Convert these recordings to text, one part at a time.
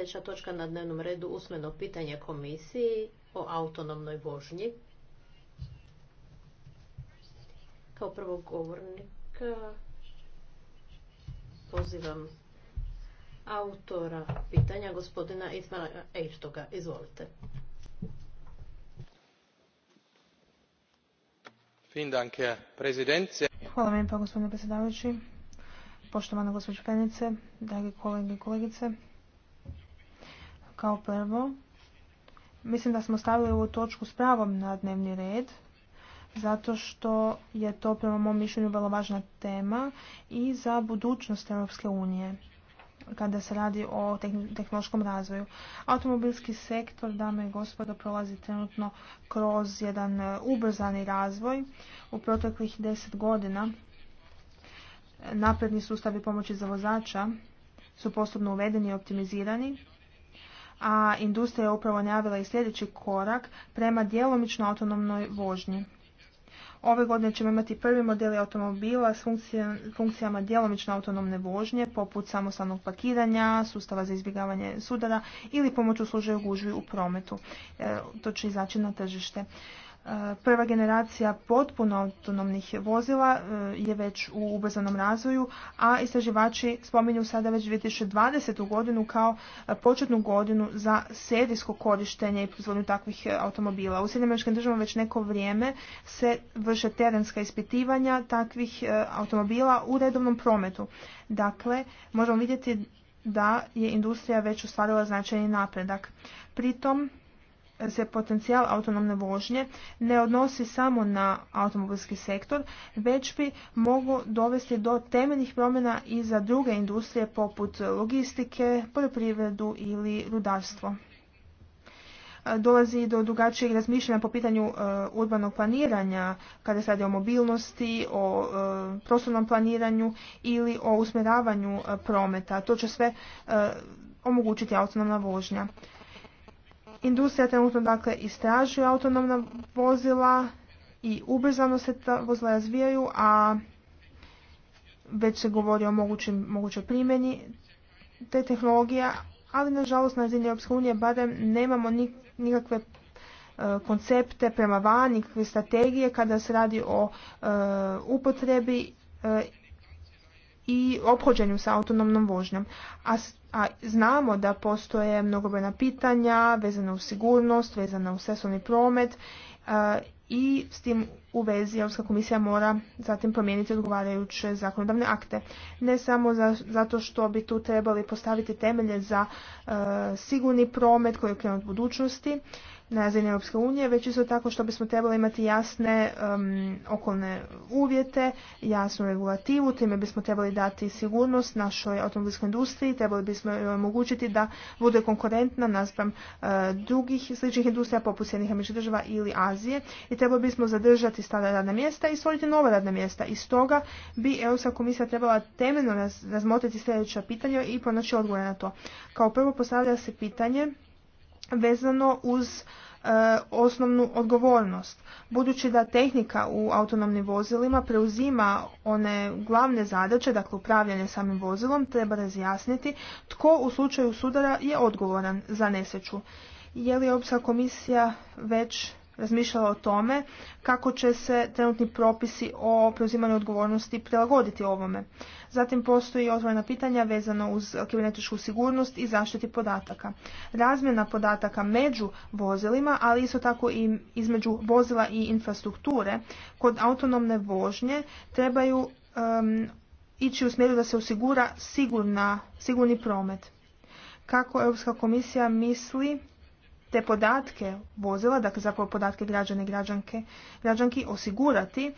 Sljedeća točka na dnevnom redu usmeno pitanje komisiji o autonomnoj vožnji. Kao prvog govornika pozivam autora pitanja, gospodina Ismana Ejštoga. Izvolite. Hvala vam gospodine predsjedavajući, poštovana gospođo Penice, dragi kolege i kolegice. Kao prvo, mislim da smo stavili ovu točku s pravom na dnevni red, zato što je to prema mom mišljenju vrlo važna tema i za budućnost Europske unije kada se radi o tehnološkom razvoju. Automobilski sektor, dame i gospodo, prolazi trenutno kroz jedan e, ubrzani razvoj. U proteklih deset godina napredni sustavi pomoći za vozača su postupno uvedeni i optimizirani a industrija je upravo najavila i sljedeći korak prema djelomično autonomnoj vožnji. Ove godine ćemo imati prvi modeli automobila s funkcijama djelomično autonomne vožnje, poput samostalnog pakiranja, sustava za izbjegavanje sudara ili pomoću služaju gužvi u prometu. E, to će izaći na tržište. Prva generacija potpuno autonomnih vozila e, je već u ubrzanom razvoju, a istraživači spominju sada već 2020. godinu kao e, početnu godinu za serijsko korištenje i proizvodnju takvih e, automobila. U Sjedinjeničkim državama već neko vrijeme se vrše terenska ispitivanja takvih automobila u redovnom prometu. Dakle, možemo vidjeti da je industrija već ostvarila značajni napredak. Pritom, se potencijal autonomne vožnje ne odnosi samo na automobilski sektor, već bi mogu dovesti do temeljnih promjena i za druge industrije poput logistike, poljoprivredu ili rudarstvo. Dolazi do drugačijeg razmišljanja po pitanju e, urbanog planiranja, kada se radi o mobilnosti, o e, prostornom planiranju ili o usmjeravanju e, prometa. To će sve omogućiti autonomna vožnja. Industrija trenutno dakle istražuje autonomna vozila i ubrzano se ta vozila razvijaju, a već se govori o mogućim, mogućoj primjeni te tehnologije, ali nažalost na razini Europske unije barem nemamo nikakve e, koncepte prema van, nikakve strategije kada se radi o e, upotrebi e, i ophođenju sa autonomnom vožnjom. A a znamo da postoje mnogobrojna pitanja vezana u sigurnost, vezana u cestovni promet e, i s tim u vezi Europska komisija mora zatim promijeniti odgovarajuće zakonodavne akte. Ne samo zato što bi tu trebali postaviti temelje za e, sigurni promet koji je od budućnosti na razini Europske unije, već isto tako što bismo trebali imati jasne okolne uvjete, jasnu regulativu, time bismo trebali dati sigurnost našoj automobilskoj industriji, trebali bismo omogućiti da bude konkurentna naspram e, drugih sličnih industrija poput Sjednih američkih država ili Azije i trebali bismo zadržati stale stara radna mjesta i stvoriti nova radna mjesta. I stoga bi Europska komisija trebala temeljno razmotriti sljedeća pitanja i pronaći odgovore na to. Kao prvo postavlja se pitanje vezano uz e, osnovnu odgovornost. Budući da tehnika u autonomnim vozilima preuzima one glavne zadaće, dakle upravljanje samim vozilom, treba razjasniti tko u slučaju sudara je odgovoran za nesreću. Je li Europska komisija već razmišljala o tome kako će se trenutni propisi o preuzimanju odgovornosti prilagoditi ovome. Zatim postoji otvorena pitanja vezano uz kibernetičku sigurnost i zaštiti podataka. Razmjena podataka među vozilima, ali isto tako i između vozila i infrastrukture kod autonomne vožnje trebaju ići u smjeru da se osigura sigurna, sigurni promet. Kako Europska komisija misli te podatke vozila, dakle zapravo podatke građane i građanke, građanki osigurati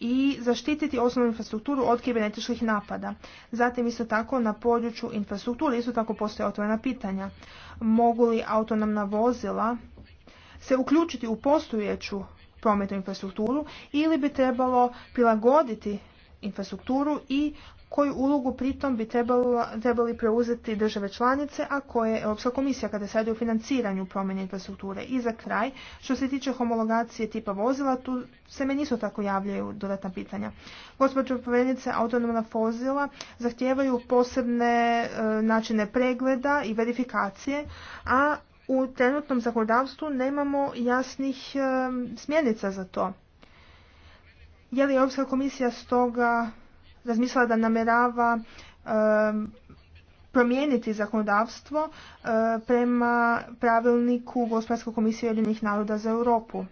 i zaštititi osnovnu infrastrukturu od kibernetičkih napada. Zatim isto tako na području infrastrukture isto tako postoje otvorena pitanja. Mogu li autonomna vozila se uključiti u postojeću prometnu infrastrukturu ili bi trebalo prilagoditi infrastrukturu i koju ulogu pritom bi trebali preuzeti države članice, a koje je Europska komisija kada se radi o financiranju promjene infrastrukture. I za kraj, što se tiče homologacije tipa vozila, tu se meni nisu tako javljaju dodatna pitanja. Gospođo povjerenice, autonomna vozila zahtijevaju posebne e, načine pregleda i verifikacije, a u trenutnom zakonodavstvu nemamo jasnih e, smjernica za to. Je li Europska komisija stoga razmislila da namjerava ehm, promijeniti zakonodavstvo e, prema pravilniku Gospodarske komisije Ujedinjenih naroda za Europu.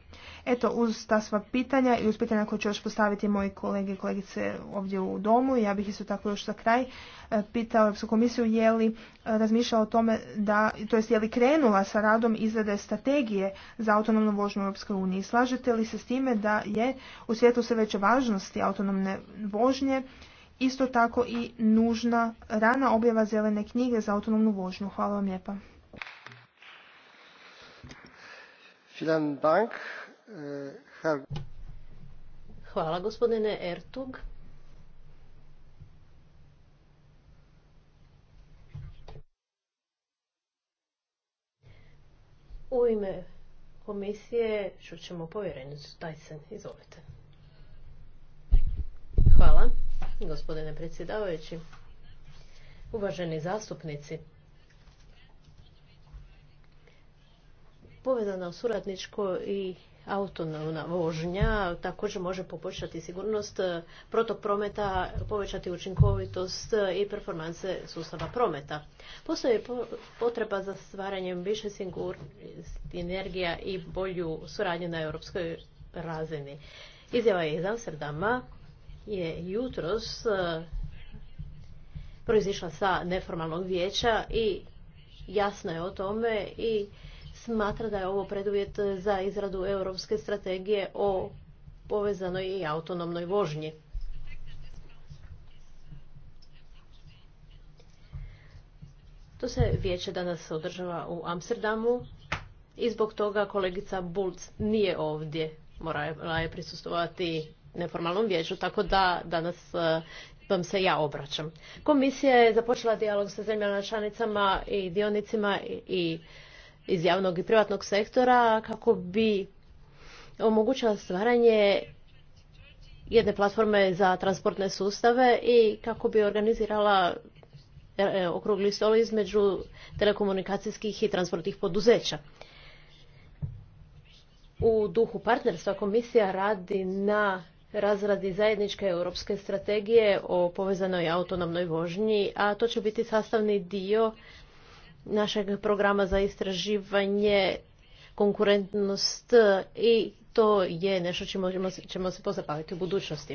Eto, uz ta sva pitanja i uz pitanja koje će još postaviti moji kolege i kolegice ovdje u domu, ja bih isto tako još za kraj e, pitao Europsku komisiju je li e, razmišljala o tome da, to jest je li krenula sa radom izrade strategije za autonomnu vožnju u Europskoj uniji. Slažete li se s time da je u svijetu sve veće važnosti autonomne vožnje isto tako i nužna rana objava zelene knjige za autonomnu vožnju. Hvala vam lijepa. Eh, Hvala gospodine Ertug. U ime komisije ćemo povjerenicu se, Izvolite. Hvala gospodine predsjedavajući. Uvaženi zastupnici, povezano suradničko i autonomna vožnja također može poboljšati sigurnost protok prometa, povećati učinkovitost i performanse sustava prometa. Postoji potreba za stvaranjem više sigurnosti, energija i bolju suradnju na europskoj razini. Izjava je iz Amsterdama je jutros e, proizišla sa neformalnog vijeća i jasno je o tome i smatra da je ovo preduvjet za izradu europske strategije o povezanoj i autonomnoj vožnji. To se vijeće danas održava u Amsterdamu i zbog toga kolegica Bulc nije ovdje. Morala je prisustovati neformalnom vijeću, tako da danas e, vam se ja obraćam. Komisija je započela dijalog sa zemljama članicama i dionicima i iz javnog i privatnog sektora kako bi omogućila stvaranje jedne platforme za transportne sustave i kako bi organizirala e, e, okrugli stol između telekomunikacijskih i transportnih poduzeća. U duhu partnerstva komisija radi na razradi zajedničke europske strategije o povezanoj autonomnoj vožnji, a to će biti sastavni dio našeg programa za istraživanje konkurentnost i to je nešto čime ćemo, se pozabaviti u budućnosti.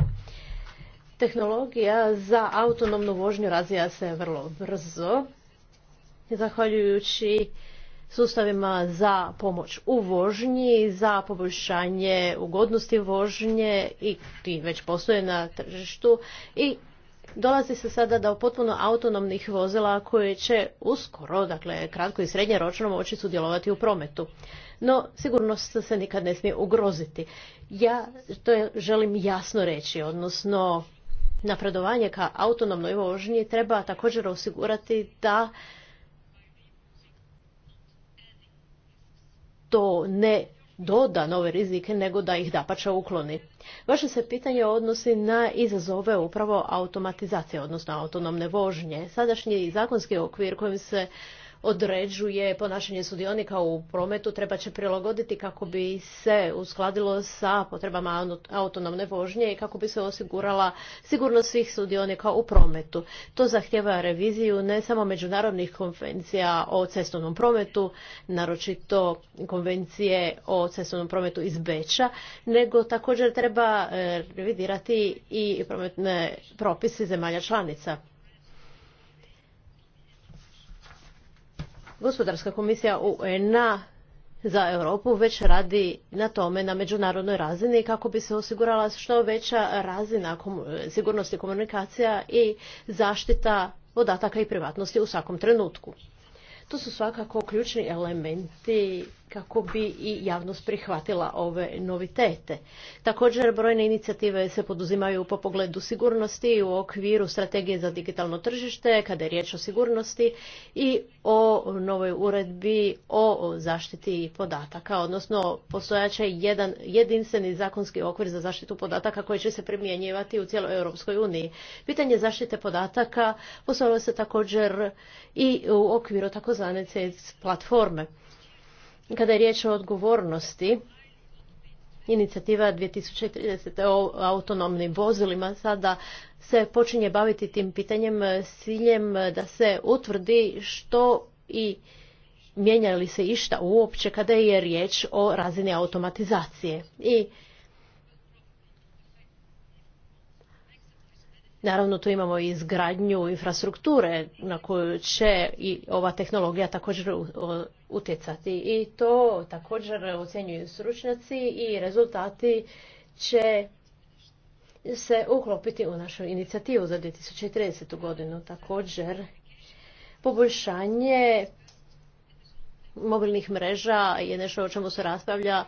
Tehnologija za autonomnu vožnju razvija se vrlo brzo, zahvaljujući sustavima za pomoć u vožnji, za poboljšanje ugodnosti vožnje i ti već postoje na tržištu i dolazi se sada do potpuno autonomnih vozila koje će uskoro, dakle kratko i srednje ročno moći sudjelovati u prometu. No, sigurnost se nikad ne smije ugroziti. Ja to želim jasno reći, odnosno napredovanje ka autonomnoj vožnji treba također osigurati da to ne doda nove rizike, nego da ih dapače ukloni. Vaše se pitanje odnosi na izazove upravo automatizacije, odnosno autonomne vožnje. Sadašnji zakonski okvir kojim se određuje ponašanje sudionika u prometu treba će prilagoditi kako bi se uskladilo sa potrebama autonomne vožnje i kako bi se osigurala sigurnost svih sudionika u prometu. To zahtjeva reviziju ne samo međunarodnih konvencija o cestovnom prometu, naročito konvencije o cestovnom prometu iz Beča, nego također treba eh, revidirati i prometne propise zemalja članica. Gospodarska komisija UN-a za Europu već radi na tome na međunarodnoj razini kako bi se osigurala što veća razina sigurnosti komunikacija i zaštita podataka i privatnosti u svakom trenutku. To su svakako ključni elementi kako bi i javnost prihvatila ove novitete. Također brojne inicijative se poduzimaju po pogledu sigurnosti u okviru strategije za digitalno tržište kada je riječ o sigurnosti i o novoj uredbi o zaštiti podataka, odnosno postojaće jedan jedinstveni zakonski okvir za zaštitu podataka koji će se primjenjivati u cijeloj Europskoj uniji. Pitanje zaštite podataka postavilo se također i u okviru takozvane CES platforme. Kada je riječ o odgovornosti, inicijativa 2030 o autonomnim vozilima sada se počinje baviti tim pitanjem s ciljem da se utvrdi što i mijenja li se išta uopće kada je riječ o razini automatizacije. I Naravno tu imamo i izgradnju infrastrukture na koju će i ova tehnologija također utjecati i to također ocjenjuju stručnjaci i rezultati će se uklopiti u našu inicijativu za 2030. godinu. Također poboljšanje mobilnih mreža je nešto o čemu se raspravlja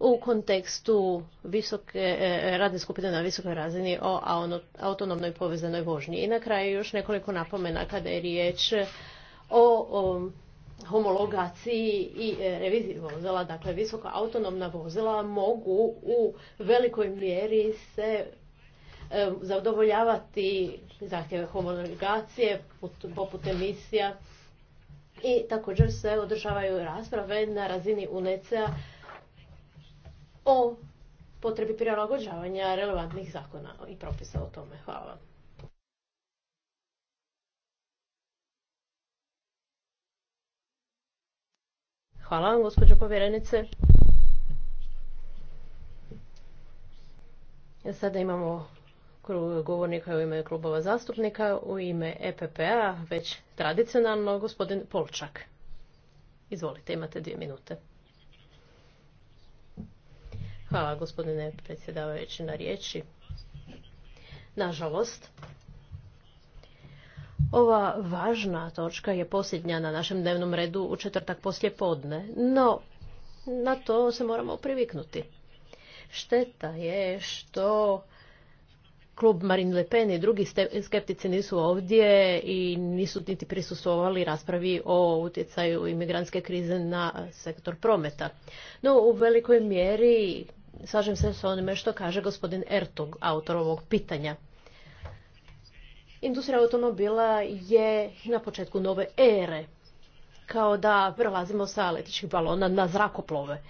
u kontekstu visoke e, e, radne skupine na visokoj razini o autonomnoj povezanoj vožnji. I na kraju još nekoliko napomena kada je riječ o, homologaciji i e, reviziji vozila. Dakle, visoka autonomna vozila mogu u velikoj mjeri se zadovoljavati zahtjeve homologacije poput emisija i također se održavaju rasprave na razini unece o potrebi prilagođavanja relevantnih zakona i propisa o tome. Hvala. Hvala vam, gospođo povjerenice. Sada imamo govornika u ime klubova zastupnika, u ime EPP-a, već tradicionalno, gospodin Polčak. Izvolite, imate dvije minute. Hvala gospodine predsjedavajući na riječi. Nažalost, ova važna točka je posljednja na našem dnevnom redu u četvrtak poslje podne, no na to se moramo priviknuti. Šteta je što klub Marine Le Pen i drugi skeptici nisu ovdje i nisu niti prisustvovali raspravi o utjecaju imigrantske krize na sektor prometa. No, u velikoj mjeri slažem se s onime što kaže gospodin Ertog, autor ovog pitanja. Industrija automobila je na početku nove ere, kao da prelazimo sa letičkih balona na zrakoplove.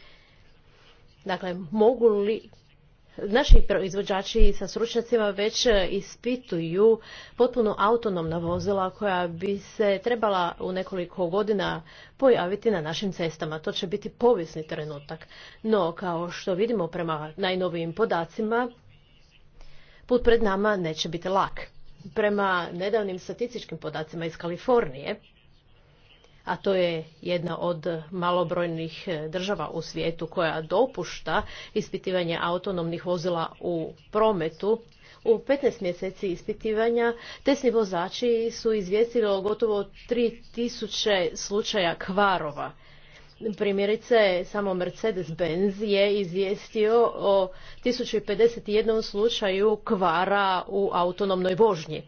Dakle, mogu li naši proizvođači sa stručnjacima već e, ispituju potpuno autonomna vozila koja bi se trebala u nekoliko godina pojaviti na našim cestama. To će biti povijesni trenutak. No, kao što vidimo prema najnovijim podacima, put pred nama neće biti lak. Prema nedavnim statističkim podacima iz Kalifornije, a to je jedna od malobrojnih e, država u svijetu koja dopušta ispitivanje autonomnih vozila u prometu. U 15 mjeseci ispitivanja tesni vozači su izvijestili o gotovo 3000 slučaja kvarova. Primjerice, samo Mercedes-Benz je izvijestio o 1051 slučaju kvara u autonomnoj vožnji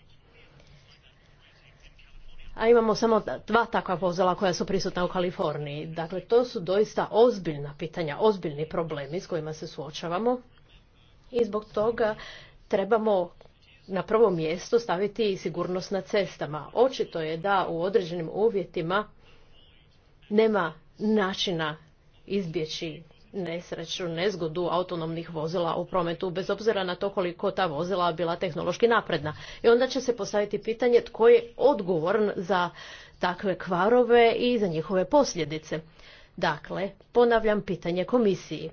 a imamo samo dva takva vozila koja su prisutna u Kaliforniji. Dakle, to su doista ozbiljna pitanja, ozbiljni problemi s kojima se suočavamo i zbog toga trebamo na prvo mjesto staviti sigurnost na cestama. Očito je da u određenim uvjetima nema načina izbjeći nesreću, nezgodu autonomnih vozila u prometu, bez obzira na to koliko ta vozila bila tehnološki napredna. I onda će se postaviti pitanje tko je odgovoran za takve kvarove i za njihove posljedice. Dakle, ponavljam pitanje komisiji.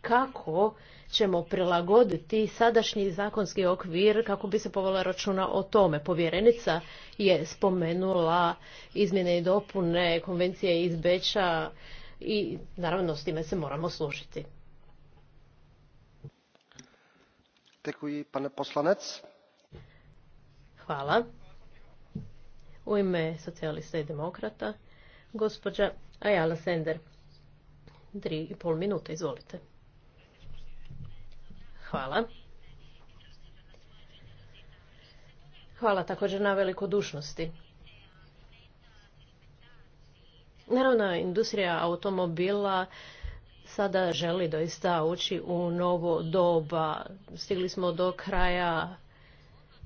Kako ćemo prilagoditi sadašnji zakonski okvir kako bi se povela računa o tome. Povjerenica je spomenula izmjene i dopune konvencije iz Beča i naravno s time se moramo složiti. pane poslanec. Hvala. U ime socijalista i demokrata, gospođa Ajala Sender. Tri i pol minute, izvolite. Hvala. Hvala također na veliko dušnosti. Naravno, industrija automobila sada želi doista ući u novo doba. Stigli smo do kraja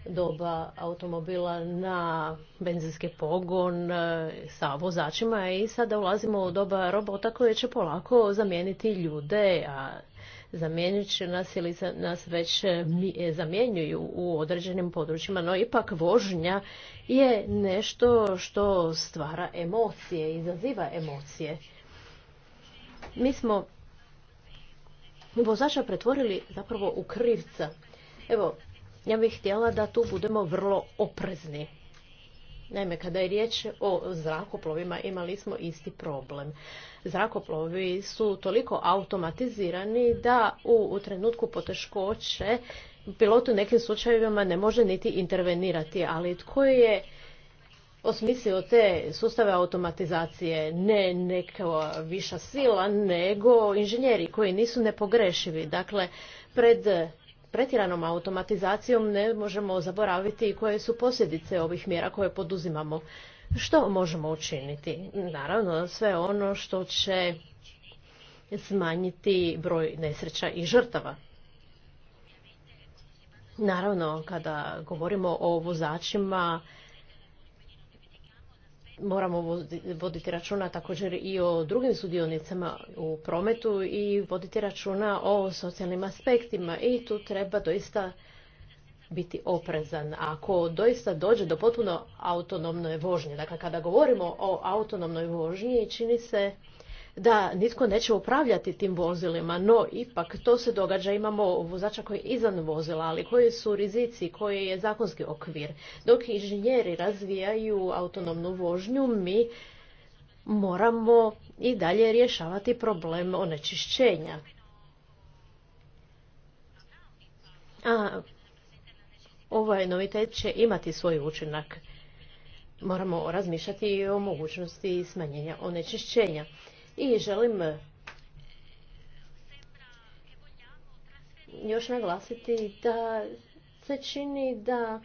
doba automobila na benzinski pogon e, sa vozačima i sada ulazimo u doba robota koje će polako zamijeniti ljude, a zamijenit će nas ili nas već e, e, zamjenjuju u određenim područjima, no ipak vožnja je nešto što stvara emocije, izaziva emocije. Mi smo vozača pretvorili zapravo u krivca. Evo, ja bih htjela da tu budemo vrlo oprezni. Naime, kada je riječ o zrakoplovima imali smo isti problem. Zrakoplovi su toliko automatizirani da u, trenutku poteškoće pilot u nekim slučajevima ne može niti intervenirati, ali tko je osmislio te sustave automatizacije ne neka viša sila, nego inženjeri koji nisu nepogrešivi. Dakle, pred pretjeranom automatizacijom ne možemo zaboraviti koje su posljedice ovih mjera koje poduzimamo. Što možemo učiniti? Naravno, sve ono što će smanjiti broj nesreća i žrtava. Naravno, kada govorimo o vozačima moramo voditi računa također i o drugim sudionicama u prometu i voditi računa o socijalnim aspektima i tu treba doista biti oprezan. Ako doista dođe do potpuno autonomne vožnje, dakle kada govorimo o autonomnoj vožnji, čini se da nitko neće upravljati tim vozilima, no ipak to se događa, imamo vozača koji je izvan vozila, ali koji su rizici, koji je zakonski okvir. Dok inženjeri razvijaju autonomnu vožnju, mi moramo i dalje rješavati problem onečišćenja. A ovaj novitet će imati svoj učinak. Moramo razmišljati i o mogućnosti smanjenja onečišćenja. I želim e, još naglasiti da se čini da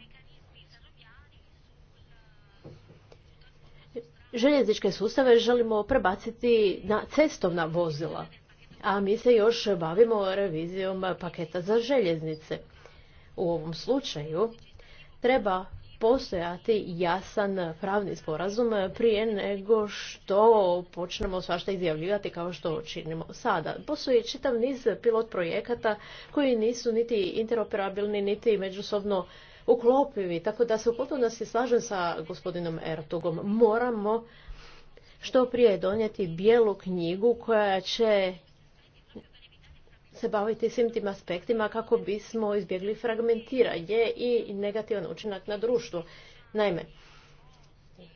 željezničke sustave želimo prebaciti na cestovna vozila, a mi se još bavimo revizijom paketa za željeznice. U ovom slučaju treba postojati jasan pravni sporazum prije nego što počnemo svašta izjavljivati kao što činimo sada. Postoji čitav niz pilot projekata koji nisu niti interoperabilni, niti međusobno uklopivi, tako da se u potpunosti slažem sa gospodinom Ertugom. Moramo što prije donijeti bijelu knjigu koja će se baviti svim tim aspektima kako bismo izbjegli fragmentiranje i negativan učinak na društvo. Naime,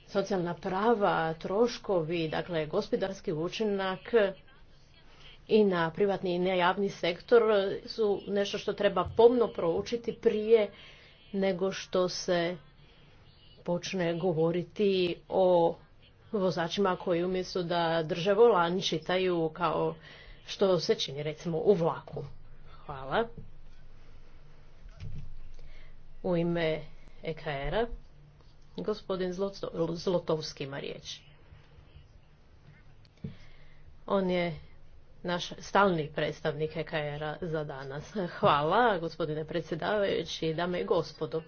socijalna prava, troškovi, dakle gospodarski učinak i na privatni i na javni sektor su nešto što treba pomno proučiti prije nego što se počne govoriti o vozačima koji umjesto da drže volan čitaju kao što se čini recimo u vlaku. Hvala. U ime EKR-a gospodin Zlotovski ima riječ. On je naš stalni predstavnik EKR-a za danas. Hvala gospodine predsjedavajući, dame i gospodo.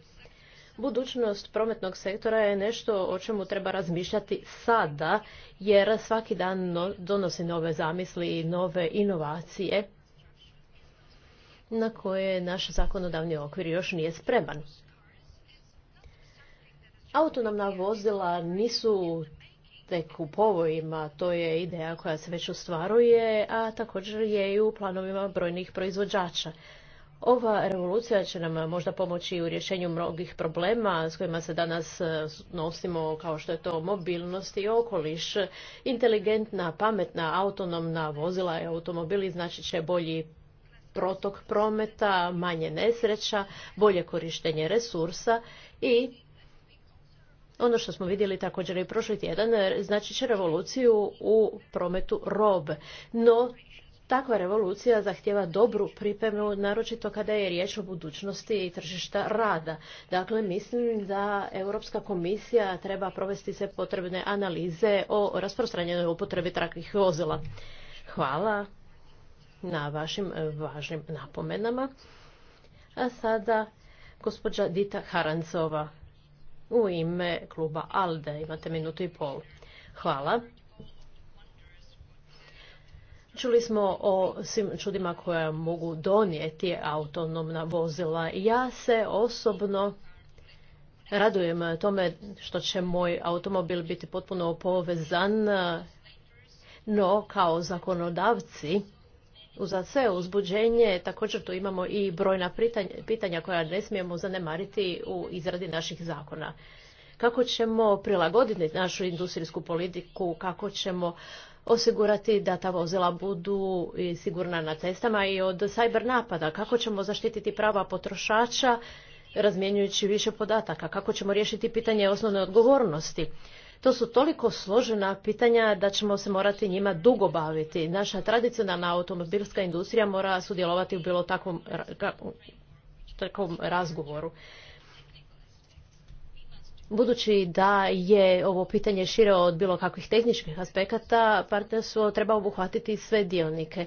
Budućnost prometnog sektora je nešto o čemu treba razmišljati sada, jer svaki dan donosi nove zamisli i nove inovacije na koje naš zakonodavni okvir još nije spreman. Autonomna vozila nisu tek u povojima, to je ideja koja se već ostvaruje, a također je i u planovima brojnih proizvođača. Ova revolucija će nam možda pomoći u rješenju mnogih problema s kojima se danas e, nosimo, kao što je to mobilnost i okoliš. Inteligentna, pametna, autonomna vozila i automobili znači će bolji protok prometa, manje nesreća, bolje korištenje resursa i ono što smo vidjeli također i prošli tjedan, znači će revoluciju u prometu robe. No, takva revolucija zahtjeva dobru pripremu, naročito kada je riječ o budućnosti i tržišta rada. Dakle, mislim da Europska komisija treba provesti sve potrebne analize o rasprostranjenoj upotrebi takvih vozila. Hvala na vašim važnim napomenama. A sada gospođa Dita Harancova u ime kluba ALDE. Imate minutu i pol. Hvala. Čuli smo o svim čudima koja mogu donijeti autonomna vozila. Ja se osobno radujem tome što će moj automobil biti potpuno povezan, no kao zakonodavci za sve uzbuđenje također tu imamo i brojna pitanja koja ne smijemo zanemariti u izradi naših zakona. Kako ćemo prilagoditi našu industrijsku politiku, kako ćemo osigurati da ta vozila budu sigurna na cestama i od cyber napada? Kako ćemo zaštititi prava potrošača razmjenjujući više podataka? Kako ćemo riješiti pitanje osnovne odgovornosti? To su toliko složena pitanja da ćemo se morati njima dugo baviti. Naša tradicionalna automobilska industrija mora sudjelovati u bilo takvom, takvom razgovoru. Budući da je ovo pitanje šire od bilo kakvih tehničkih aspekata, partnerstvo treba obuhvatiti sve dionike.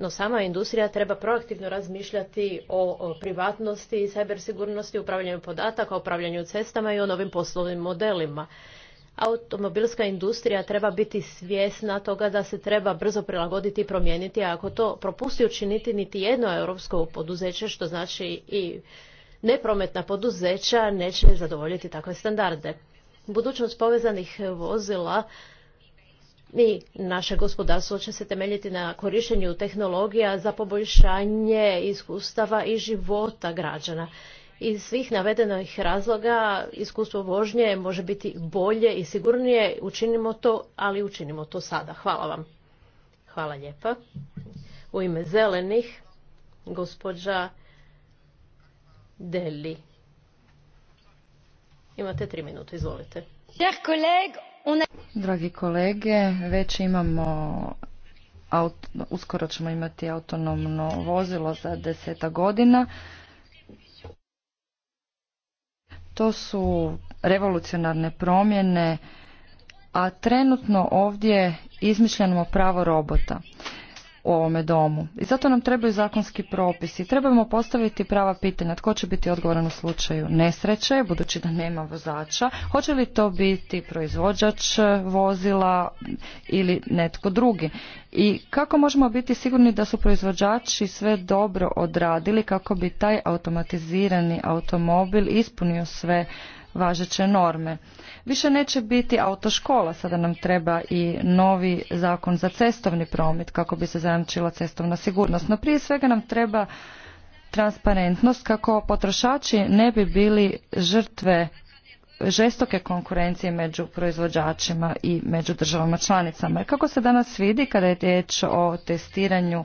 No sama industrija treba proaktivno razmišljati o privatnosti, i cybersigurnosti, upravljanju podataka, upravljanju cestama i o novim poslovnim modelima. Automobilska industrija treba biti svjesna toga da se treba brzo prilagoditi i promijeniti, a ako to propusti učiniti niti jedno europsko poduzeće, što znači i neprometna poduzeća neće zadovoljiti takve standarde. Budućnost povezanih vozila i naše gospodarstvo će se temeljiti na korištenju tehnologija za poboljšanje iskustava i života građana. Iz svih navedenih razloga iskustvo vožnje može biti bolje i sigurnije. Učinimo to, ali učinimo to sada. Hvala vam. Hvala lijepa. U ime zelenih, gospođa Imate tri minute, izvolite. Dragi kolege, već imamo uskoro ćemo imati autonomno vozilo za deseta godina. To su revolucionarne promjene, a trenutno ovdje izmišljamo pravo robota u ovome domu. I zato nam trebaju zakonski propisi. Trebamo postaviti prava pitanja. Tko će biti odgovoran u slučaju nesreće, budući da nema vozača? Hoće li to biti proizvođač vozila ili netko drugi? I kako možemo biti sigurni da su proizvođači sve dobro odradili kako bi taj automatizirani automobil ispunio sve važeće norme. Više neće biti autoškola, sada nam treba i novi zakon za cestovni promet kako bi se zajamčila cestovna sigurnost. No prije svega nam treba transparentnost kako potrošači ne bi bili žrtve žestoke konkurencije među proizvođačima i među državama članicama. kako se danas vidi kada je riječ o testiranju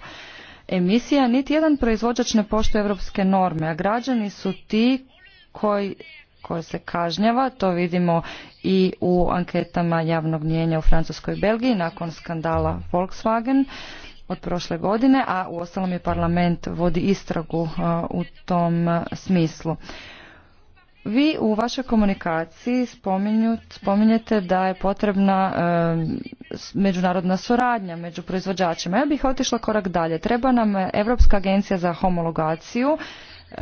emisija, niti jedan proizvođač ne poštuje europske norme, a građani su ti koji koje se kažnjava. To vidimo i u anketama javnog mnjenja u Francuskoj Belgiji nakon skandala Volkswagen od prošle godine, a u ostalom je parlament vodi istragu uh, u tom uh, smislu. Vi u vašoj komunikaciji spominjete da je potrebna um, međunarodna suradnja među proizvođačima. Ja bih otišla korak dalje. Treba nam Europska agencija za homologaciju uh,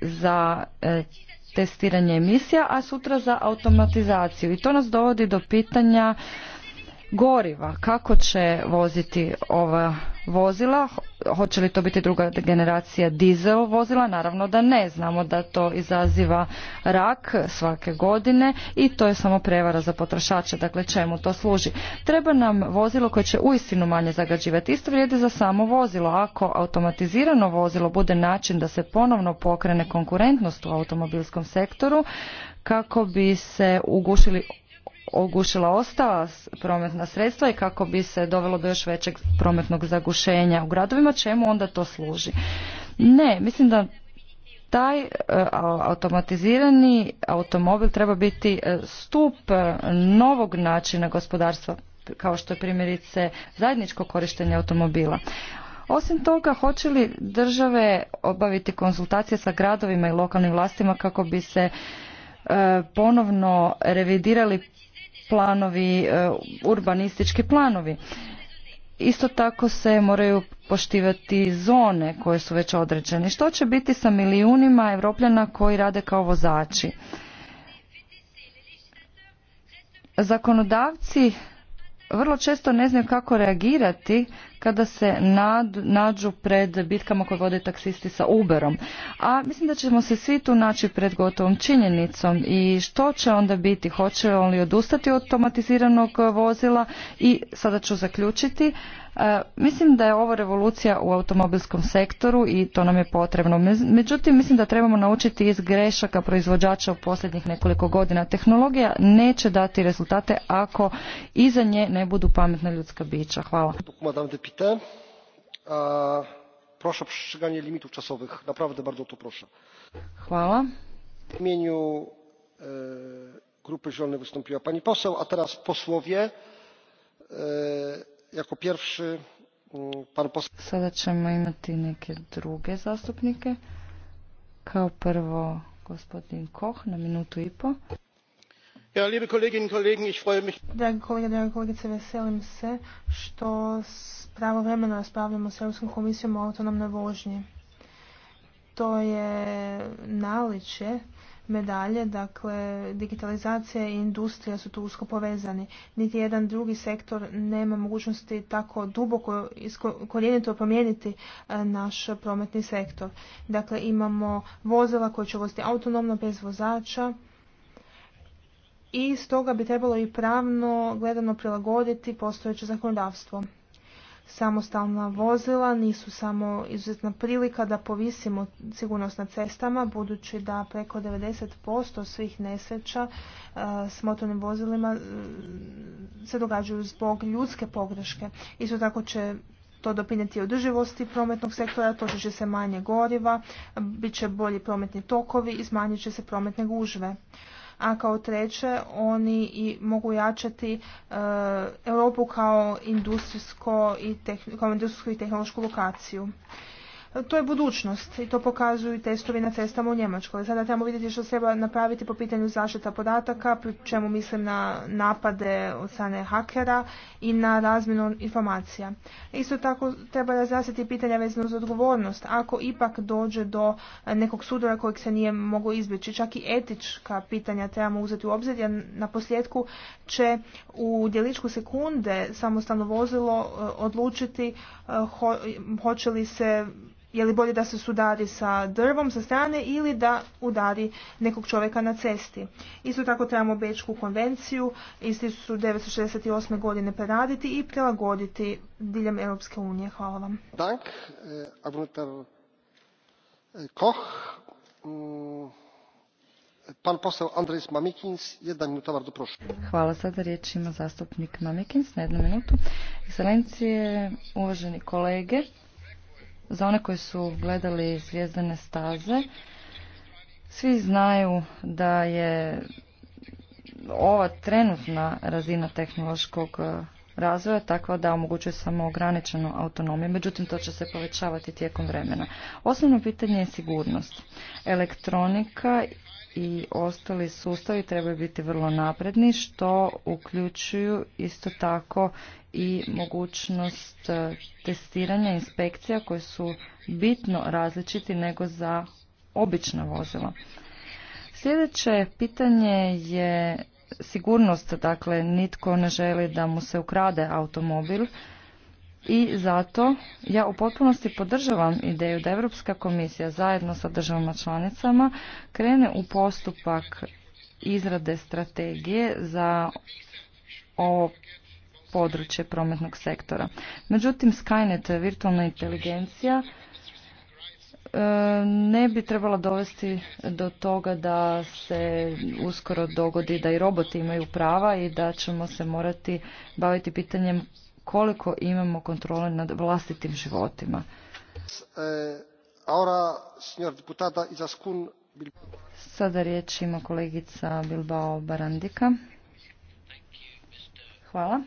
za testiranje emisija, a sutra za automatizaciju. I to nas dovodi do pitanja goriva. Kako će voziti ova vozila? Hoće li to biti druga generacija dizel vozila? Naravno da ne. Znamo da to izaziva rak svake godine i to je samo prevara za potrošače. Dakle, čemu to služi? Treba nam vozilo koje će uistinu manje zagađivati. Isto vrijedi za samo vozilo. Ako automatizirano vozilo bude način da se ponovno pokrene konkurentnost u automobilskom sektoru, kako bi se ugušili ogušila ostala prometna sredstva i kako bi se dovelo do još većeg prometnog zagušenja u gradovima, čemu onda to služi? Ne, mislim da taj e, automatizirani automobil treba biti e, stup e, novog načina gospodarstva kao što je primjerice zajedničko korištenje automobila. Osim toga, hoće li države obaviti konzultacije sa gradovima i lokalnim vlastima kako bi se ponovno revidirali planovi, e, urbanistički planovi. Isto tako se moraju poštivati zone koje su već određene. Što će biti sa milijunima evropljana koji rade kao vozači? Zakonodavci vrlo često ne znaju kako reagirati kada se nađu pred bitkama koje vode taksisti sa Uberom. A mislim da ćemo se svi tu naći pred gotovom činjenicom i što će onda biti, hoće li odustati od automatiziranog vozila i sada ću zaključiti E, mislim da je ovo revolucija u automobilskom sektoru i to nam je potrebno. Međutim, mislim da trebamo naučiti iz grešaka proizvođača u posljednjih nekoliko godina. Tehnologija neće dati rezultate ako iza nje ne budu pametna ljudska bića. Hvala. Proszę o przestrzeganie limitów czasowych. Naprawdę bardzo to proszę. Hvala. W imieniu e, Grupy Zielonej wystąpiła pani poseł, a teraz posłowie. E, Mm, Sada ćemo imati neke druge zastupnike. Kao prvo gospodin Koch na minutu i po. Ja, liebe und ich freue mich. Dragi kolege, dragi kolegice, veselim se što pravo vremena raspravljamo s Europskom komisijom o autonomnoj vožnji. To je naličje medalje, dakle digitalizacija i industrija su tu usko povezani. Niti jedan drugi sektor nema mogućnosti tako duboko korijenito promijeniti e, naš prometni sektor. Dakle, imamo vozila koje će voziti autonomno bez vozača i stoga bi trebalo i pravno gledano prilagoditi postojeće zakonodavstvo samostalna vozila nisu samo izuzetna prilika da povisimo sigurnost na cestama, budući da preko 90% svih nesreća e, s motornim vozilima e, se događaju zbog ljudske pogreške. Isto tako će to doprinijeti održivosti prometnog sektora, točit će se manje goriva, bit će bolji prometni tokovi i smanjit će se prometne gužve a kao treće oni i mogu jačati e, Europu kao industrijsko i tehnološku lokaciju. To je budućnost i to pokazuju testovi na cestama u Njemačkoj. Sada trebamo vidjeti što treba napraviti po pitanju zaštita podataka, pri čemu mislim na napade od strane hakera i na razmjenu informacija. Isto tako treba razjasniti pitanja vezano za odgovornost. Ako ipak dođe do nekog sudora kojeg se nije moglo izbjeći, čak i etička pitanja trebamo uzeti u obzir, jer na posljedku će u djeličku sekunde samostalno vozilo e, odlučiti e, hoće li se je li bolje da se sudari sa drvom sa strane ili da udari nekog čovjeka na cesti. Isto tako trebamo Bečku konvenciju iz 1968. godine preraditi i prilagoditi diljem Europske unije. Hvala vam. Dank. Eh, Koch. Mm, pan posao Andres Mamikins, jedan minuta, Hvala, sada riječ ima zastupnik Mamikins na jednu minutu. Ekscelencije, uvaženi kolege, za one koji su gledali Zvijezdane staze, svi znaju da je ova trenutna razina tehnološkog e, razvoja takva da omogućuje samo ograničenu autonomiju, međutim to će se povećavati tijekom vremena. Osnovno pitanje je sigurnost. Elektronika i ostali sustavi trebaju biti vrlo napredni, što uključuju isto tako i mogućnost e, testiranja inspekcija koje su bitno različiti nego za obična vozila. Sljedeće pitanje je sigurnost, dakle nitko ne želi da mu se ukrade automobil i zato ja u potpunosti podržavam ideju da Europska komisija zajedno sa državama članicama krene u postupak izrade strategije za ovo područje prometnog sektora. Međutim, Skynet, virtualna inteligencija, e, ne bi trebala dovesti do toga da se uskoro dogodi da i roboti imaju prava i da ćemo se morati baviti pitanjem koliko imamo kontrole nad vlastitim životima. Sada riječ ima kolegica Bilbao Barandika. Hvala.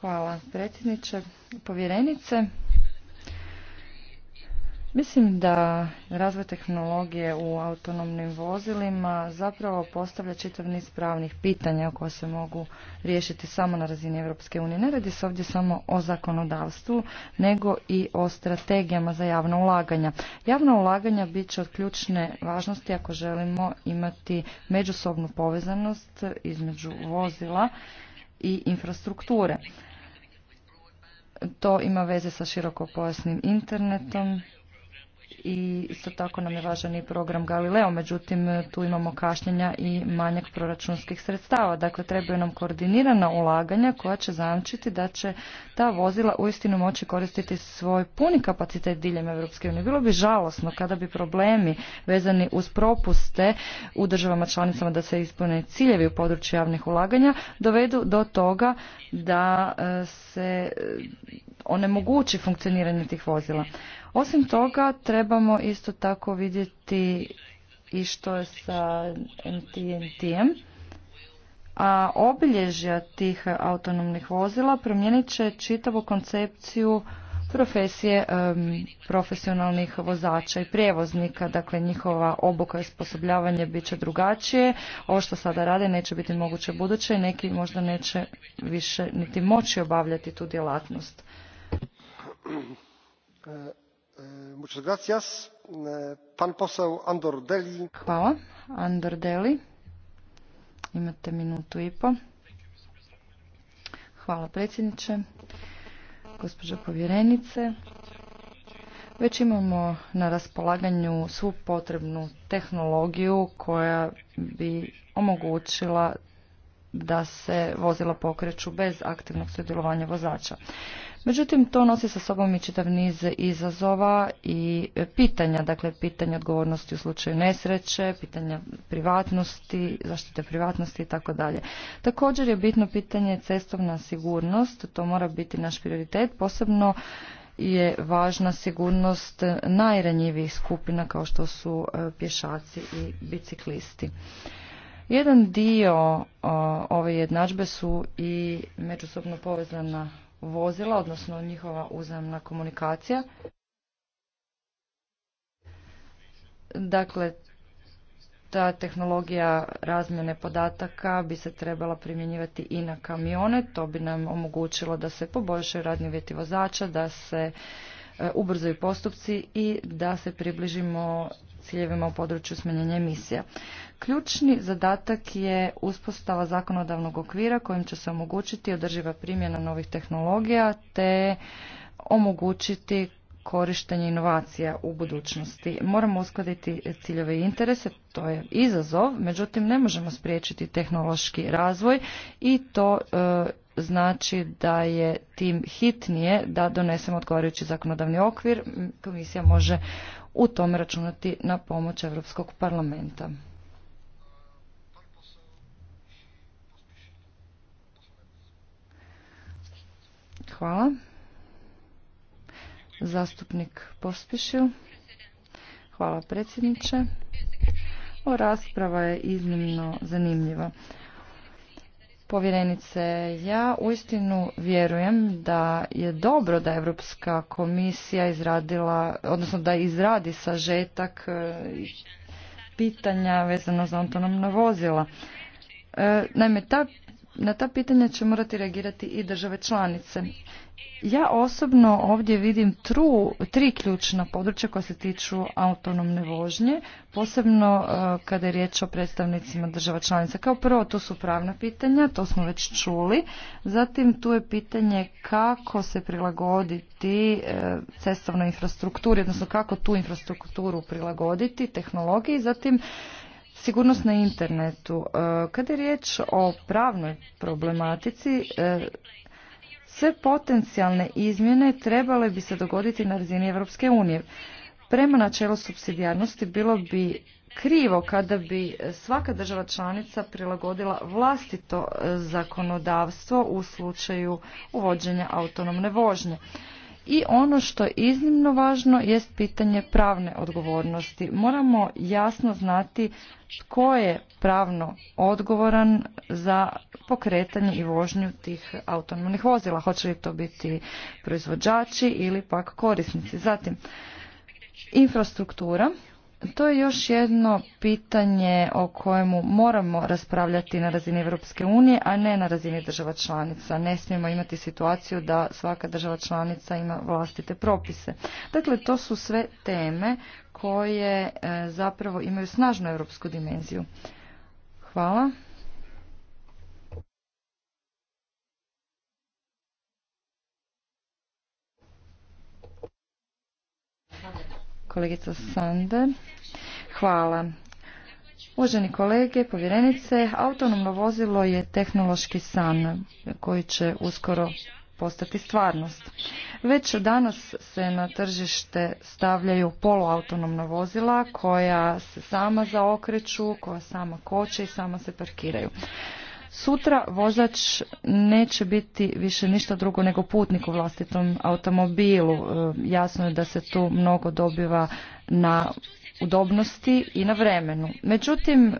Hvala predsjedniče. Povjerenice, mislim da razvoj tehnologije u autonomnim vozilima zapravo postavlja čitav niz pravnih pitanja koja se mogu riješiti samo na razini Europske unije. Ne radi se ovdje samo o zakonodavstvu, nego i o strategijama za javna ulaganja. Javna ulaganja bit će od ključne važnosti ako želimo imati međusobnu povezanost između vozila i infrastrukture. To ima veze sa širokopojasnim internetom i isto tako nam je važan i program Galileo, međutim tu imamo kašnjenja i manjak proračunskih sredstava. Dakle, trebaju nam koordinirana ulaganja koja će zamčiti da će ta vozila uistinu moći koristiti svoj puni kapacitet diljem Europske unije. Bilo bi žalosno kada bi problemi vezani uz propuste u državama članicama da se ispune ciljevi u području javnih ulaganja dovedu do toga da e, se e, onemogući funkcioniranje tih vozila. Osim toga, trebamo isto tako vidjeti i što je sa MTNT-em. A obilježja tih autonomnih vozila promijenit će čitavu koncepciju profesije profesionalnih vozača i prijevoznika, dakle njihova obuka i sposobljavanje bit će drugačije, ovo što sada rade neće biti moguće buduće i neki možda neće više niti moći obavljati tu djelatnost. E, e, Hvala. Andor Deli. Imate minutu i po. Hvala predsjedniče, gospođo povjerenice. Već imamo na raspolaganju svu potrebnu tehnologiju koja bi omogućila da se vozila pokreću bez aktivnog sudjelovanja vozača. Međutim, to nosi sa sobom i čitav niz izazova i e, pitanja, dakle pitanja odgovornosti u slučaju nesreće, pitanja privatnosti, zaštite privatnosti i tako dalje. Također je bitno pitanje cestovna sigurnost, to mora biti naš prioritet, posebno je važna sigurnost najranjivijih skupina kao što su e, pješaci i biciklisti. Jedan dio ove jednadžbe su i međusobno povezana vozila, odnosno njihova uzemna komunikacija. Dakle, ta tehnologija razmjene podataka bi se trebala primjenjivati i na kamione. To bi nam omogućilo da se poboljšaju radni uvjeti vozača, da se e, ubrzaju postupci i da se približimo ciljevima u području smanjenja emisija. Ključni zadatak je uspostava zakonodavnog okvira kojim će se omogućiti održiva primjena novih tehnologija te omogućiti korištenje inovacija u budućnosti. Moramo uskladiti ciljeve i interese, to je izazov, međutim ne možemo spriječiti tehnološki razvoj i to e, znači da je tim hitnije da donesemo odgovarajući zakonodavni okvir. Komisija može u tom računati na pomoć Europskog parlamenta. Hvala. Zastupnik Pospišil. Hvala predsjedniče. Ova rasprava je iznimno zanimljiva povjerenice, ja uistinu vjerujem da je dobro da Europska komisija izradila, odnosno da izradi sažetak e, pitanja vezano za autonomna vozila. E, naime, ta na ta pitanja će morati reagirati i države članice. Ja osobno ovdje vidim tri ključna područja koja se tiču autonomne vožnje, posebno e, kada je riječ o predstavnicima država članica. Kao prvo, to su pravna pitanja, to smo već čuli. Zatim tu je pitanje kako se prilagoditi e, cestovnoj infrastrukturi, odnosno kako tu infrastrukturu prilagoditi tehnologiji. Zatim Sigurnost na internetu. E, kada je riječ o pravnoj problematici, e, sve potencijalne izmjene trebale bi se dogoditi na razini Europske unije. Prema načelu subsidijarnosti bilo bi krivo kada bi svaka država članica prilagodila vlastito e, zakonodavstvo u slučaju uvođenja autonomne vožnje. I ono što je iznimno važno jest pitanje pravne odgovornosti. Moramo jasno znati tko je pravno odgovoran za pokretanje i vožnju tih autonomnih vozila. Hoće li to biti proizvođači ili pak korisnici. Zatim, infrastruktura to je još jedno pitanje o kojemu moramo raspravljati na razini Europske unije, a ne na razini država članica. Ne smijemo imati situaciju da svaka država članica ima vlastite propise. Dakle, to su sve teme koje e, zapravo imaju snažnu europsku dimenziju. Hvala. Kolegica Sander. Hvala. Uvaženi kolege, povjerenice, autonomno vozilo je tehnološki san koji će uskoro postati stvarnost. Već danas se na tržište stavljaju poluautonomna vozila koja se sama zaokreću, koja sama koče i sama se parkiraju. Sutra vozač neće biti više ništa drugo nego putnik u vlastitom automobilu. E, jasno je da se tu mnogo dobiva na udobnosti i na vremenu. Međutim,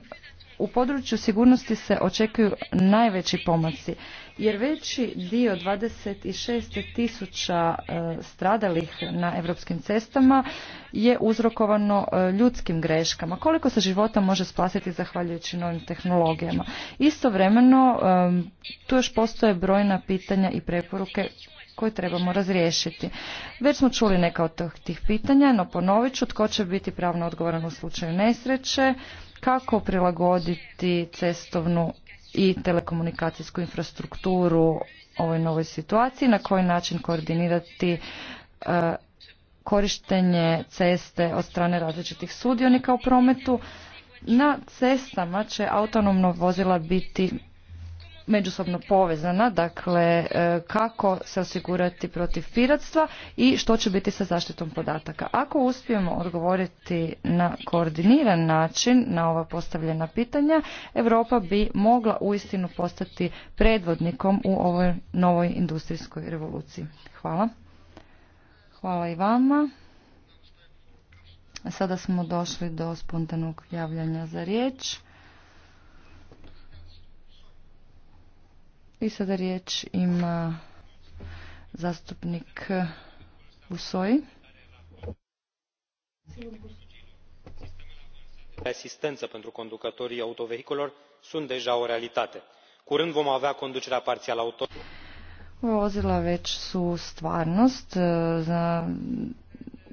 u području sigurnosti se očekuju najveći pomaci, jer veći dio 26 tisuća e, stradalih na europskim cestama je uzrokovano e, ljudskim greškama. Koliko se života može spasiti zahvaljujući novim tehnologijama? Istovremeno, e, tu još postoje brojna pitanja i preporuke koje trebamo razriješiti. Već smo čuli neka od tih pitanja, no ponovit ću tko će biti pravno odgovoran u slučaju nesreće, kako prilagoditi cestovnu i telekomunikacijsku infrastrukturu ovoj novoj situaciji, na koji način koordinirati e, korištenje ceste od strane različitih sudionika u prometu. Na cestama će autonomno vozila biti međusobno povezana, dakle e, kako se osigurati protiv piratstva i što će biti sa zaštitom podataka. Ako uspijemo odgovoriti na koordiniran način na ova postavljena pitanja, Europa bi mogla uistinu postati predvodnikom u ovoj novoj industrijskoj revoluciji. Hvala. Hvala i vama. Sada smo došli do spontanog javljanja za riječ. I sada riječ ima zastupnik Usoji. Asistență pentru conducătorii autovehiculor sunt deja o realitate. Curând vom avea conducerea parțială auto. Vozila već su stvarnost. E, za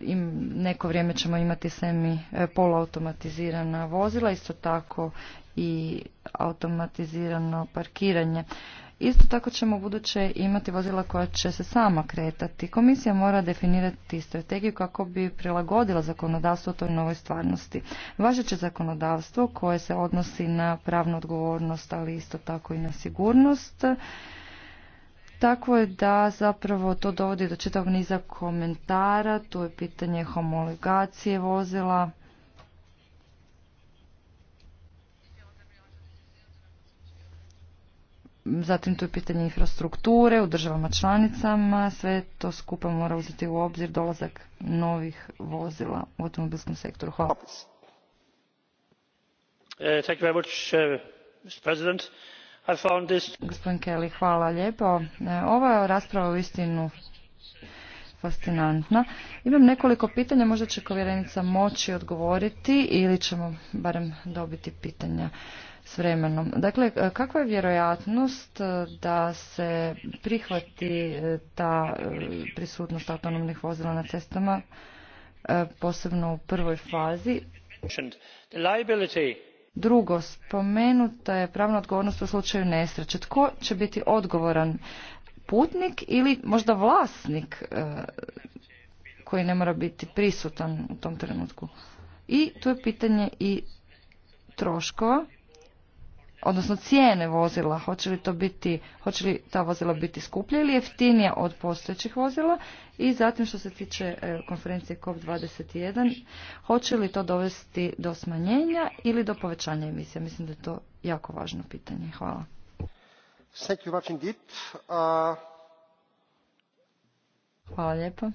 im, neko vrijeme ćemo imati semi e, poluautomatizirana vozila, isto tako i automatizirano parkiranje. Isto tako ćemo buduće imati vozila koja će se sama kretati. Komisija mora definirati strategiju kako bi prilagodila zakonodavstvo toj novoj stvarnosti. Važeće zakonodavstvo koje se odnosi na pravnu odgovornost, ali isto tako i na sigurnost, tako je da zapravo to dovodi do čitavog niza komentara, tu je pitanje homologacije vozila, Zatim tu je pitanje infrastrukture u državama članicama. Sve to skupa mora uzeti u obzir dolazak novih vozila u automobilskom sektoru. Hvala. Gospodin Kelly, hvala lijepo. E, ova rasprava je u istinu fascinantna. Imam nekoliko pitanja, možda će povjerenica moći odgovoriti ili ćemo barem dobiti pitanja s vremenom. Dakle, e, kakva je vjerojatnost e, da se prihvati e, ta prisutnost autonomnih vozila na cestama, posebno u prvoj fazi? Drugo, spomenuta je pravna odgovornost u slučaju nesreće. Tko će biti odgovoran? Putnik ili možda vlasnik koji ne mora biti prisutan u tom trenutku? I tu je pitanje i troškova odnosno cijene vozila, hoće li, to biti, ta vozila biti skuplja ili jeftinija od postojećih vozila i zatim što se tiče e, konferencije COP21, hoće li to dovesti do smanjenja ili do povećanja emisija? Mislim da je to jako važno pitanje. Hvala. Uh, Hvala lijepo.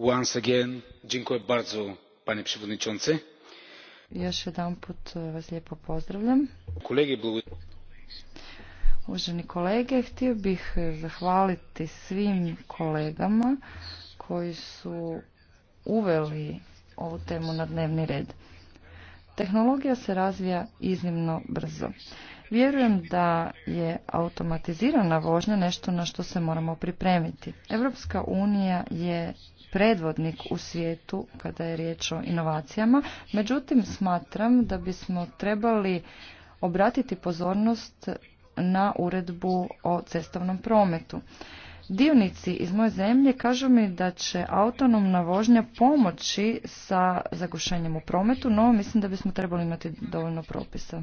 Once again, dziękuję bardzo panie przewodniczący. Još jedanput e, lijepo pozdravljam. Uvaženi kolege, htio bih e, zahvaliti svim kolegama koji su uveli ovu temu na dnevni red. Tehnologija se razvija iznimno brzo. Vjerujem da je automatizirana vožnja nešto na što se moramo pripremiti. Europska unija je predvodnik u svijetu kada je riječ o inovacijama, međutim smatram da bismo trebali obratiti pozornost na uredbu o cestovnom prometu. Dionici iz moje zemlje kažu mi da će autonomna vožnja pomoći sa zagušenjem u prometu, no mislim da bismo trebali imati dovoljno propisa.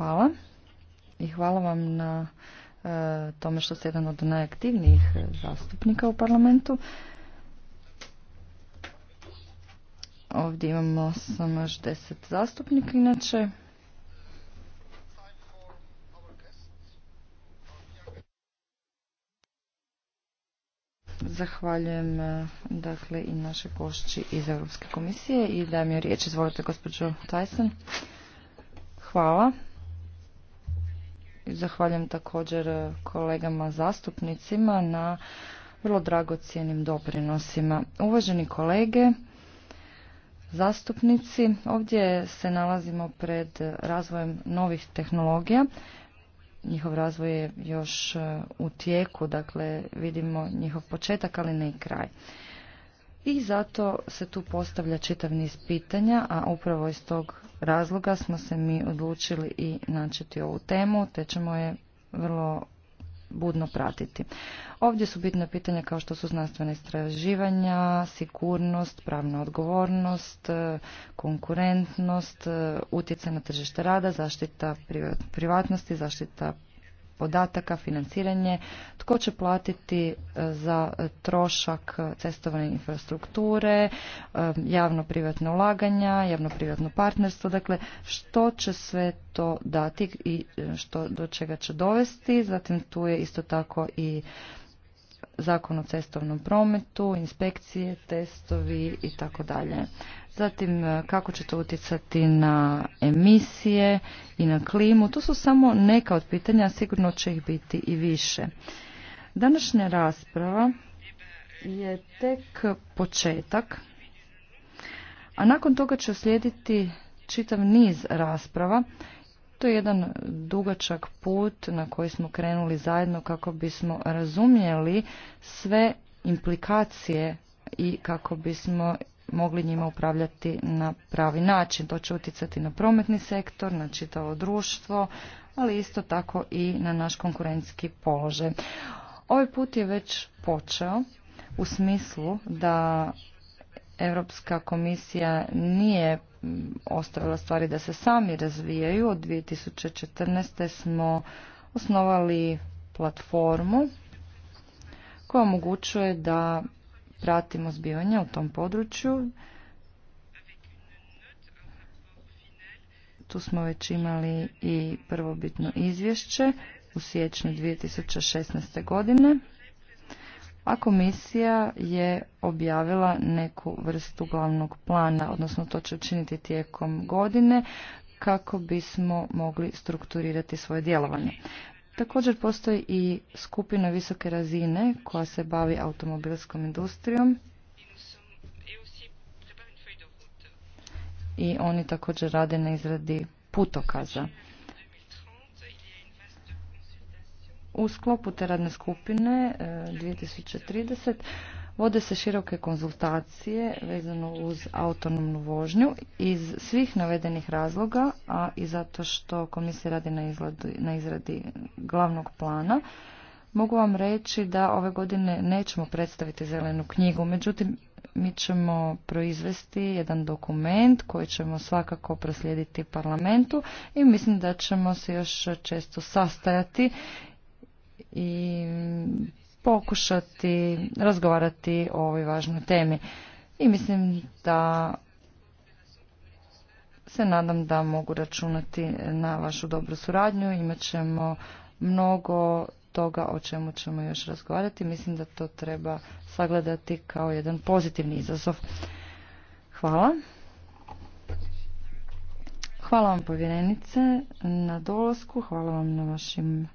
Hvala. I hvala vam na e, tome što ste jedan od najaktivnijih zastupnika u parlamentu. Ovdje imamo samo još deset zastupnika inače. Zahvaljujem e, dakle i naše gošći iz Europske komisije i da mi riječ izvolite gospođo Tyson. Hvala. Zahvaljujem također e, kolegama zastupnicima na vrlo dragocijenim doprinosima. Uvaženi kolege, zastupnici, ovdje se nalazimo pred razvojem novih tehnologija. Njihov razvoj je još e, u tijeku, dakle vidimo njihov početak, ali ne i kraj i zato se tu postavlja čitav niz pitanja, a upravo iz tog razloga smo se mi odlučili i načeti ovu temu, te ćemo je vrlo budno pratiti. Ovdje su bitna pitanja kao što su znanstvene istraživanja, sigurnost, pravna odgovornost, konkurentnost, utjecaj na tržište rada, zaštita privatnosti, zaštita podataka, financiranje, tko će platiti e, za e, trošak cestovne infrastrukture, e, javno-privatno ulaganja, javno-privatno partnerstvo, dakle što će sve to dati i što do čega će dovesti. Zatim tu je isto tako i zakon o cestovnom prometu, inspekcije, testovi i tako dalje zatim e, kako će to utjecati na emisije i na klimu. To su samo neka od pitanja, sigurno će ih biti i više. Današnja rasprava je tek početak, a nakon toga će oslijediti čitav niz rasprava. To je jedan dugačak put na koji smo krenuli zajedno kako bismo razumjeli sve implikacije i kako bismo mogli njima upravljati na pravi način. To će utjecati na prometni sektor, na čitavo društvo, ali isto tako i na naš konkurentski položaj. Ovaj put je već počeo u smislu da Europska komisija nije ostavila stvari da se sami razvijaju. Od 2014. smo osnovali platformu koja omogućuje da pratimo zbivanja u tom području. Tu smo već imali i prvobitno izvješće u siječnju 2016. godine, a komisija je objavila neku vrstu glavnog plana, odnosno to će učiniti tijekom godine kako bismo mogli strukturirati svoje djelovanje. Također postoji i skupina visoke razine koja se bavi automobilskom industrijom i oni također rade na izradi putokaza. U sklopu te radne skupine 2030 eh, Vode se široke konzultacije vezano uz autonomnu vožnju iz svih navedenih razloga, a i zato što komisija radi na, izradi glavnog plana. Mogu vam reći da ove godine nećemo predstaviti zelenu knjigu, međutim mi ćemo proizvesti jedan dokument koji ćemo svakako proslijediti parlamentu i mislim da ćemo se još često sastajati i pokušati razgovarati o ovoj važnoj temi. I mislim da se nadam da mogu računati na vašu dobru suradnju. Imaćemo mnogo toga o čemu ćemo još razgovarati. Mislim da to treba sagledati kao jedan pozitivni izazov. Hvala. Hvala vam povjerenice na dolasku, hvala vam na vašim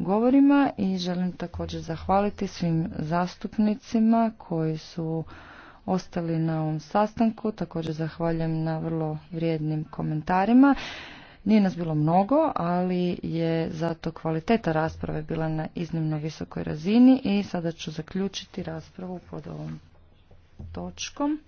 govorima i želim također zahvaliti svim zastupnicima koji su ostali na ovom sastanku. Također zahvaljujem na vrlo vrijednim komentarima. Nije nas bilo mnogo, ali je zato kvaliteta rasprave bila na iznimno visokoj razini i sada ću zaključiti raspravu pod ovom točkom.